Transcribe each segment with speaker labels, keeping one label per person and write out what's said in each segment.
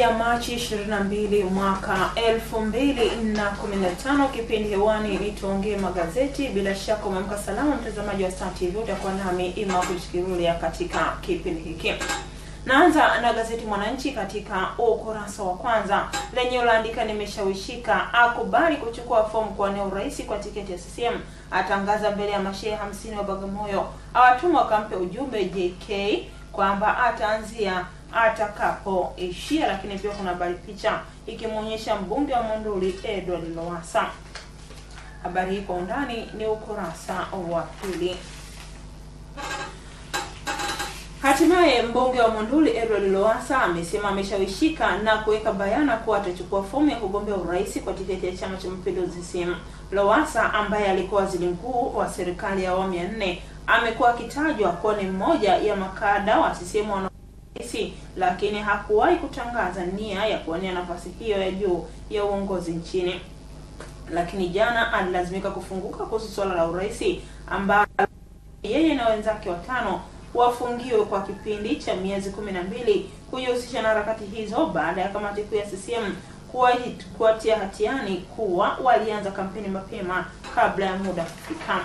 Speaker 1: ya Machi 22 mwaka 2015, kipindi hewani ni tuongee magazeti. Bila shaka umeamka salama, mtazamaji wa Star TV, utakuwa nami Ima katika kipindi hiki. Naanza na gazeti Mwananchi katika ukurasa wa kwanza lenye ulaandika nimeshawishika, akubali kuchukua fomu kuwania urahisi kwa tiketi ya CCM, atangaza mbele ya mashehe 50 wa Bagamoyo, awatuma wakampe ujumbe JK kwamba ataanzia atakapoishia. Lakini pia kuna habari picha ikimwonyesha mbunge wa Monduli Edward Lowassa. Habari hii kwa undani ni ukurasa wa pili. Hatimaye mbunge wa Monduli Edward Lowassa amesema ameshawishika na kuweka bayana kuwa atachukua fomu ya kugombea urais kwa tiketi ya Chama cha Mapinduzi CCM. Lowassa ambaye alikuwa waziri mkuu wa serikali ya awamu ya nne amekuwa akitajwa kuwa ni mmoja ya makada wa CCM si lakini hakuwahi kutangaza nia ya kuonea nafasi hiyo ya juu ya uongozi nchini, lakini jana alilazimika kufunguka kuhusu suala la urais ambalo yeye na wenzake watano wafungiwe kwa kipindi cha miezi kumi na mbili kujihusisha na harakati hizo baada ya kamati kuu ya CCM kuwatia hatiani kuwa walianza kampeni mapema kabla ya muda kufika.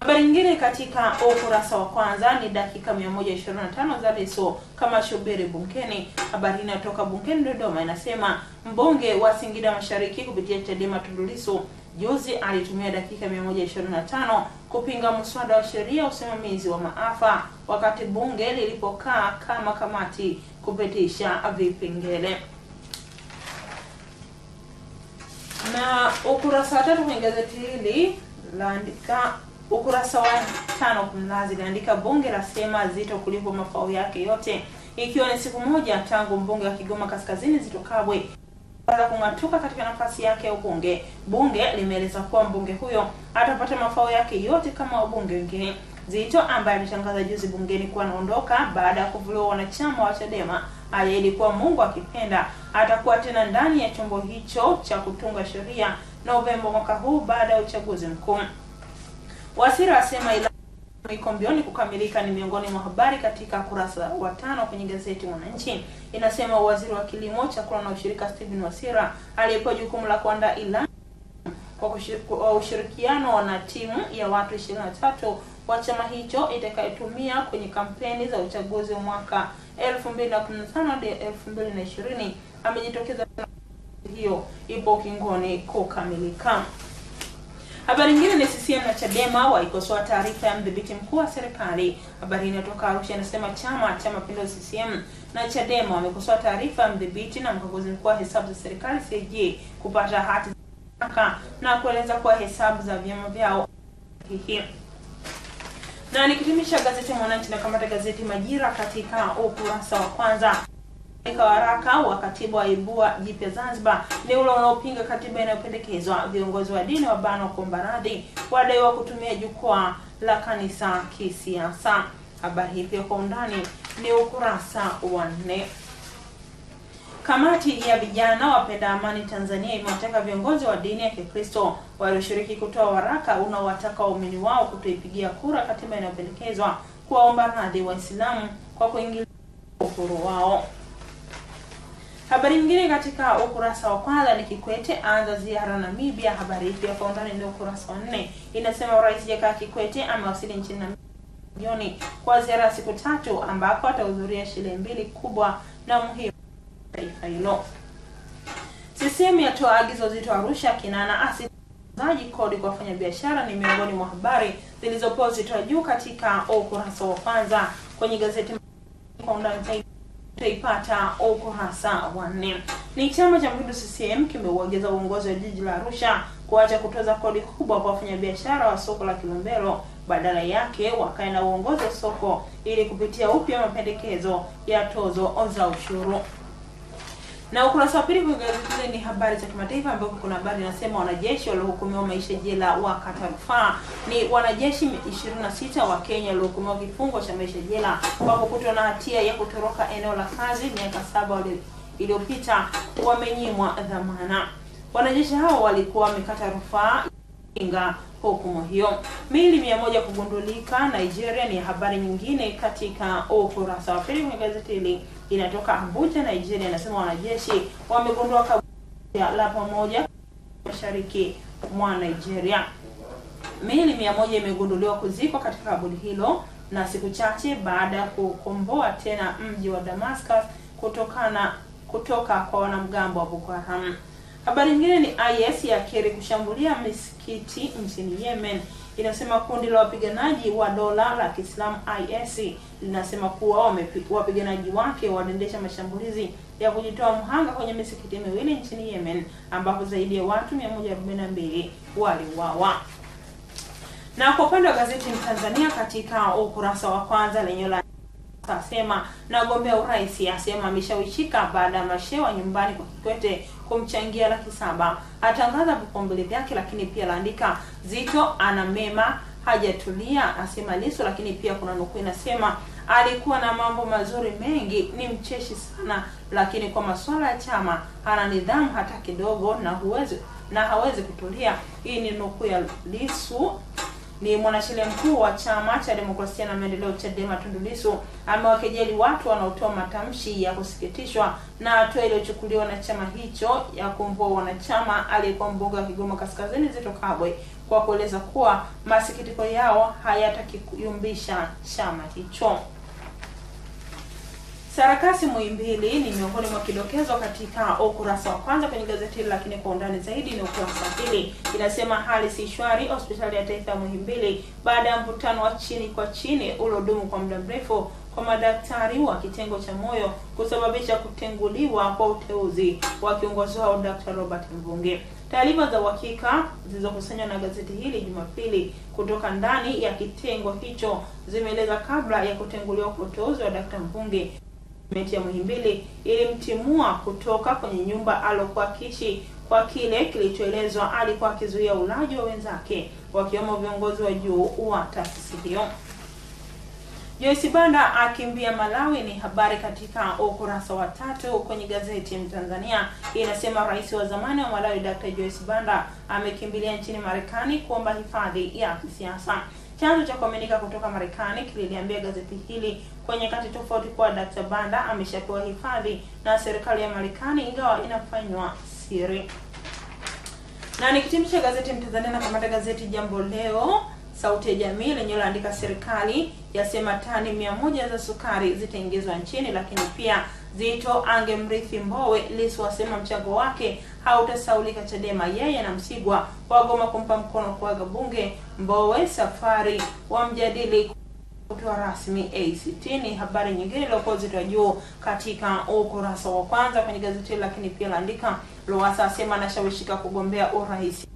Speaker 1: Habari nyingine katika ukurasa wa kwanza ni dakika 125 za Lissu kama shubiri bungeni. Habari inayotoka bungeni Dodoma inasema mbunge wa Singida Mashariki kupitia Chadema Tundu Lissu juzi alitumia dakika 125 kupinga mswada wa sheria usimamizi wa maafa wakati bunge lilipokaa kama kamati kupitisha vipengele na ukurasa wa tatu kwenye gazeti hili laandika Ukurasa wa tano Mlazi liandika bunge la sema Zito kulipwa mafao yake yote, ikiwa ni siku moja tangu mbunge wa Kigoma Kaskazini Zito Kabwe baada kung'atuka katika nafasi yake ya ubunge. Bunge limeeleza kuwa mbunge huyo atapata mafao yake yote kama wabunge wengine. Zito ambaye alitangaza juzi bungeni kuwa anaondoka baada ya kuvuliwa wanachama wa Chadema aliahidi kuwa Mungu akipenda atakuwa tena ndani ya chombo hicho cha kutunga sheria Novemba mwaka huu baada ya uchaguzi mkuu. Wasira asema ila iko mbioni kukamilika ni miongoni mwa habari katika kurasa wa tano kwenye gazeti Mwananchi. Inasema waziri wa kilimo, chakula na ushirika Stephen Wasira aliyepewa jukumu la kuandaa ilani kwa ushirikiano na timu ya watu 23 wa chama hicho itakayotumia kwenye kampeni za uchaguzi wa mwaka 2015 hadi 2020 amejitokeza hiyo ipo kingoni kukamilika. Habari nyingine ni CCM na Chadema waikosoa taarifa ya mdhibiti mkuu wa serikali. Habari inatoka Arusha inasema chama cha mapinduzi CCM na Chadema wamekosoa taarifa ya mdhibiti na mkaguzi mkuu wa hesabu za serikali CAG kupata hati na kueleza kuwa hesabu za vyama vyao na nikitimisha gazeti Mwananchi na kamata gazeti Majira katika ukurasa wa kwanza. Waraka wa katiba wa ibua jipya Zanzibar ni ule unaopinga katiba inayopendekezwa. Viongozi wa dini wabanwa kuomba radhi, wadaiwa kutumia jukwaa la kanisa kisiasa. Habari hii pia kwa undani ni ukurasa wa nne. Kamati ya vijana wapenda amani Tanzania imewataka viongozi wa dini ya Kikristo walioshiriki kutoa waraka unaowataka waumini wao kutoipigia kura katiba inayopendekezwa, kuwaomba radhi Waislamu kwa kuingilia uhuru wao. Habari nyingine katika ukurasa wa kwanza ni Kikwete aanza ziara Namibia. Habari hii pia kwa undani ukurasa wa nne, inasema Rais jakaa Kikwete amewasili nchini Namibia kwa ziara ya siku tatu ambako atahudhuria shule mbili kubwa na muhimu taifa hilo. CCM yatoa agizo zito Arusha. Kinana zaji kodi kwa wafanyabiashara ni miongoni mwa habari zilizopewa uzito juu katika ukurasa wa kwanza kwenye gazeti kwa undani zaidi taipata oko hasa wanne. Ni chama cha Mapinduzi CCM kimeuongeza uongozi wa jiji la Arusha kuacha kutoza kodi kubwa kwa wafanyabiashara wa soko la Kilombero, badala yake wakae na uongozi wa soko ili kupitia upya mapendekezo ya tozo za ushuru. Na ukurasa wa pili kwenye gazeti hili ni habari za kimataifa ambapo kuna habari inasema wanajeshi waliohukumiwa maisha jela wakata rufaa. Ni wanajeshi 26 wa Kenya waliohukumiwa kifungo cha maisha jela kwa kukutwa na hatia ya kutoroka eneo la kazi miaka saba iliyopita, wamenyimwa dhamana. Wanajeshi hao walikuwa wamekata rufaa Kinga hukumu hiyo. Miili mia moja kugundulika Nigeria ni habari nyingine katika ukurasa wa pili kwenye gazeti hili. Inatoka Abuja, Nigeria, inasema wanajeshi wamegundua kaburi la pamoja mashariki mwa Nigeria. Miili mia moja imegunduliwa kuzikwa katika kaburi hilo na siku chache baada ya kukomboa tena mji wa Damascus kutokana kutoka kwa wanamgambo wa Boko Haram. Habari nyingine ni IS ya keri kushambulia misikiti nchini Yemen. Inasema kundi la wapiganaji wa dola la Kiislamu IS linasema kuwa wapiganaji wake wanaendesha mashambulizi ya kujitoa mhanga kwenye misikiti miwili nchini Yemen ambapo zaidi ya watu 142 waliuawa. Na kwa upande wa gazeti Mtanzania katika ukurasa wa kwanza lenye la asema nagombea urais, asema ameshawishika baada ya mashewa nyumbani kwa Kikwete kumchangia laki saba, atangaza vipaumbele vyake, lakini pia laandika Zito ana mema hajatulia, asema liso lakini pia kuna nukuu inasema alikuwa na mambo mazuri mengi, ni mcheshi sana, lakini kwa masuala ya chama ana nidhamu hata kidogo, na huwezi na hawezi kutulia. Hii ni nukuu ya lisu ni mwanasheria mkuu wa Chama cha Demokrasia na Maendeleo Chadema tundulisu amewakejeli watu wanaotoa matamshi ya kusikitishwa na hatua iliyochukuliwa na chama hicho ya kumvua wanachama aliyekuwa mbunge wa Kigoma Kaskazini zito Kabwe kwa kueleza kuwa masikitiko yao hayatakiyumbisha chama hicho. Sarakasi Muhimbili ni miongoni mwa kidokezo katika ukurasa wa kwanza kwenye gazeti hili, lakini kwa undani zaidi ni ukurasa wa pili. Inasema hali si shwari hospitali ya taifa ya Muhimbili baada ya mvutano wa chini kwa chini uliodumu kwa muda mrefu kwa madaktari wa kitengo cha moyo kusababisha kutenguliwa kwa uteuzi wa kiongozi wao Dr. Robert Mvunge. Taarifa za uhakika zilizokusanywa na gazeti hili Jumapili kutoka ndani ya kitengo hicho zimeeleza kabla ya kutenguliwa kwa uteuzi wa Dr. Mvunge, Gavumenti ya Muhimbili ilimtimua kutoka kwenye nyumba alokuwa kishi kwa kile kilichoelezwa alikuwa akizuia ulaji wa wenzake wakiwemo viongozi wa juu wa taasisi hiyo. Joyce Banda akimbia Malawi ni habari katika ukurasa wa tatu kwenye gazeti Mtanzania. Inasema rais wa zamani wa Malawi Dr. Joyce Banda amekimbilia nchini Marekani kuomba hifadhi ya kisiasa. Chanzo cha kuaminika kutoka Marekani kililiambia gazeti hili kwenye kati tofauti kuwa Dr. Banda ameshapewa hifadhi na serikali ya Marekani ingawa inafanywa siri. Na nikitimisha gazeti Mtanzania, nakamata gazeti Jambo Leo Sauti ya Jamii lenye laandika serikali yasema tani mia moja za sukari zitaingizwa nchini, lakini pia Zito angemrithi Mbowe, Lissu wasema mchango wake hautasaulika. Chadema yeye na Msigwa wagoma kumpa mkono kuaga bunge. Mbowe safari wa mjadili kutoa rasmi ACT. Ni habari nyingine iliyokuwa uzito wa juu katika ukurasa wa kwanza kwenye gazeti, lakini pia laandika Lowassa asema anashawishika kugombea urais.